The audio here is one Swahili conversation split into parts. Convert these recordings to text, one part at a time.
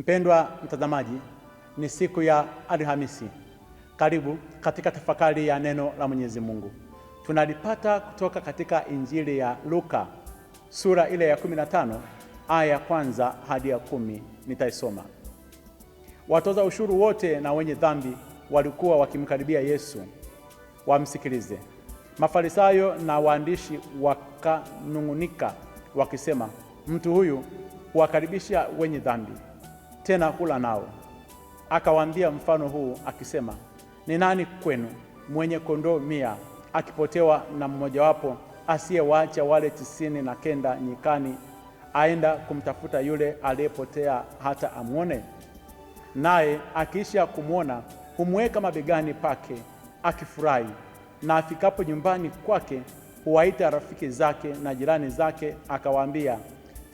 Mpendwa mtazamaji, ni siku ya Alhamisi. Karibu katika tafakari ya neno la Mwenyezi Mungu. Tunalipata kutoka katika Injili ya Luka sura ile ya 15 aya ya kwanza hadi ya kumi. Nitaisoma. Watoza ushuru wote na wenye dhambi walikuwa wakimkaribia Yesu wamsikilize. Mafarisayo na waandishi wakanung'unika wakisema, mtu huyu huwakaribisha wenye dhambi tena kula nao. Akawaambia mfano huu akisema, ni nani kwenu mwenye kondoo mia akipotewa na mmojawapo asiyewaacha wale tisini na kenda nyikani aenda kumtafuta yule aliyepotea hata amwone? Naye akiisha kumwona humweka mabegani pake akifurahi. Na afikapo nyumbani kwake huwaita rafiki zake na jirani zake, akawaambia,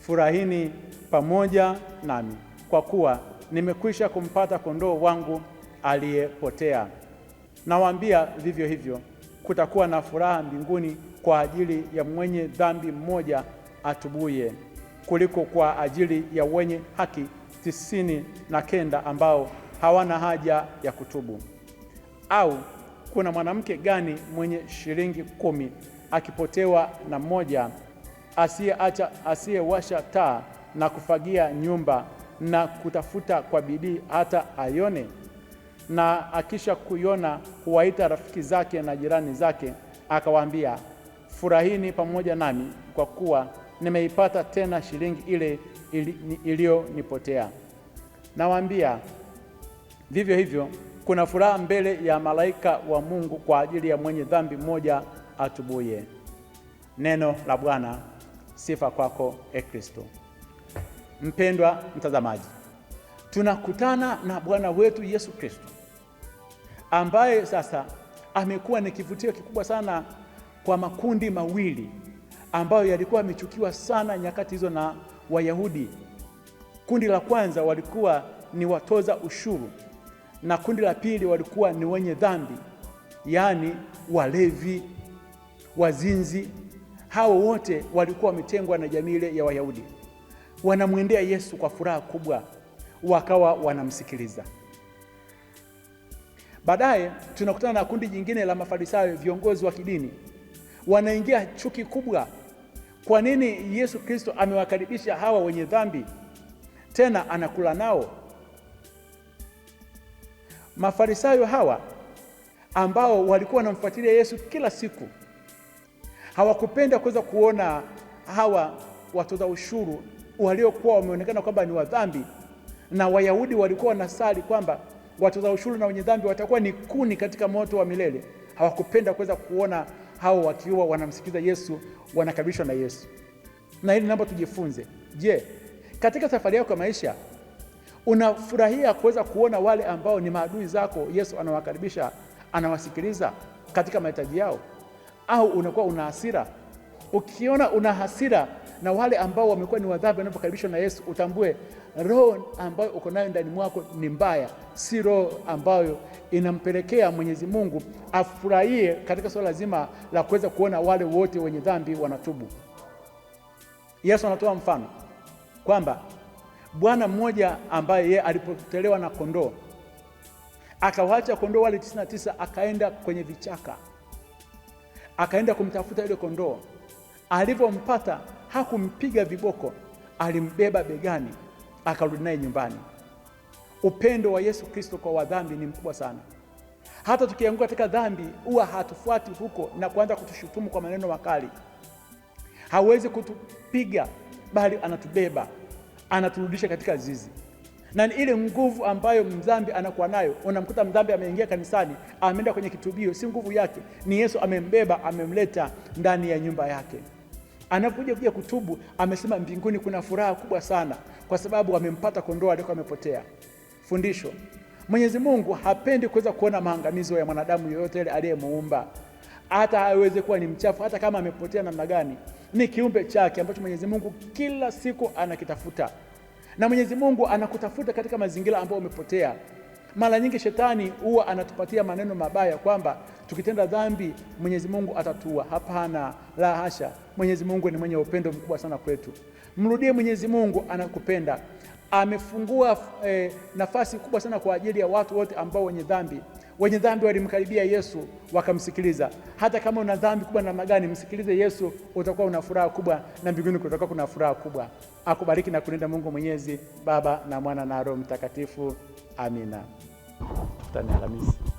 furahini pamoja nami kwa kuwa nimekwisha kumpata kondoo wangu aliyepotea. Nawaambia, vivyo hivyo kutakuwa na furaha mbinguni kwa ajili ya mwenye dhambi mmoja atubuye kuliko kwa ajili ya wenye haki tisini na kenda ambao hawana haja ya kutubu. Au kuna mwanamke gani mwenye shilingi kumi akipotewa na mmoja asiyewasha taa na kufagia nyumba na kutafuta kwa bidii hata aione, na akisha kuiona huwaita rafiki zake na jirani zake, akawaambia, furahini pamoja nami kwa kuwa nimeipata tena shilingi ile iliyonipotea. Nawaambia, vivyo hivyo kuna furaha mbele ya malaika wa Mungu kwa ajili ya mwenye dhambi mmoja atubuye. Neno la Bwana. Sifa kwako, e Kristo. Mpendwa mtazamaji, tunakutana na Bwana wetu Yesu Kristo ambaye sasa amekuwa ni kivutio kikubwa sana kwa makundi mawili ambayo yalikuwa yamechukiwa sana nyakati hizo na Wayahudi. Kundi la kwanza walikuwa ni watoza ushuru na kundi la pili walikuwa ni wenye dhambi, yaani walevi, wazinzi. Hao wote walikuwa wametengwa na jamii ile ya Wayahudi wanamwendea Yesu kwa furaha kubwa, wakawa wanamsikiliza. Baadaye tunakutana na kundi jingine la Mafarisayo, viongozi wa kidini, wanaingia chuki kubwa. Kwa nini Yesu Kristo amewakaribisha hawa wenye dhambi, tena anakula nao? Mafarisayo hawa ambao walikuwa wanamfuatilia Yesu kila siku hawakupenda kuweza kuona hawa watoza ushuru waliokuwa wameonekana kwamba ni wadhambi, na Wayahudi walikuwa wanasali kwamba watoza ushuru na wenye dhambi watakuwa ni kuni katika moto wa milele. Hawakupenda kuweza kuona hao wakiwa wanamsikiza Yesu, wanakaribishwa na Yesu. Na hili namba tujifunze. Je, katika safari yako ya maisha unafurahia kuweza kuona wale ambao ni maadui zako, Yesu anawakaribisha, anawasikiliza katika mahitaji yao, au unakuwa una hasira? Ukiona una hasira na wale ambao wamekuwa ni wadhambi wanapokaribishwa na Yesu, utambue roho ambayo uko nayo ndani mwako ni mbaya, si roho ambayo inampelekea Mwenyezi Mungu afurahie katika swala zima la kuweza kuona wale wote wenye dhambi wanatubu. Yesu anatoa mfano kwamba bwana mmoja ambaye yeye alipotelewa na kondoo akawaacha kondoo wale tisini na tisa akaenda kwenye vichaka, akaenda kumtafuta yule kondoo. Alivyompata hakumpiga viboko, alimbeba begani akarudi naye nyumbani. Upendo wa Yesu Kristo kwa wadhambi ni mkubwa sana. Hata tukianguka katika dhambi, huwa hatufuati huko na kuanza kutushutumu kwa maneno makali. Hawezi kutupiga, bali anatubeba, anaturudisha katika zizi na ile nguvu ambayo mdhambi anakuwa nayo. Unamkuta mdhambi ameingia kanisani, ameenda kwenye kitubio, si nguvu yake, ni Yesu amembeba, amemleta ndani ya nyumba yake anapokuja kuja kutubu, amesema mbinguni kuna furaha kubwa sana, kwa sababu amempata kondoo aliyokuwa amepotea. Fundisho: Mwenyezi Mungu hapendi kuweza kuona maangamizo ya mwanadamu yoyote ile aliyemuumba, hata aweze kuwa ni mchafu, hata kama amepotea namna gani. Ni kiumbe chake ambacho Mwenyezi Mungu kila siku anakitafuta, na Mwenyezi Mungu anakutafuta katika mazingira ambayo umepotea. Mara nyingi shetani huwa anatupatia maneno mabaya kwamba tukitenda dhambi Mwenyezi Mungu atatua. Hapana, la hasha! Mwenyezi Mungu ni mwenye upendo mkubwa sana kwetu. Mrudie Mwenyezi Mungu, anakupenda. Amefungua eh, nafasi kubwa sana kwa ajili ya watu wote ambao wenye dhambi. Wenye dhambi walimkaribia Yesu wakamsikiliza. Hata kama una dhambi kubwa namna gani, msikilize Yesu, utakuwa una furaha kubwa na mbinguni kutakuwa kuna furaha kubwa. Akubariki na kulinda Mungu Mwenyezi, Baba na Mwana na Roho Mtakatifu. Amina. hasta nella missione.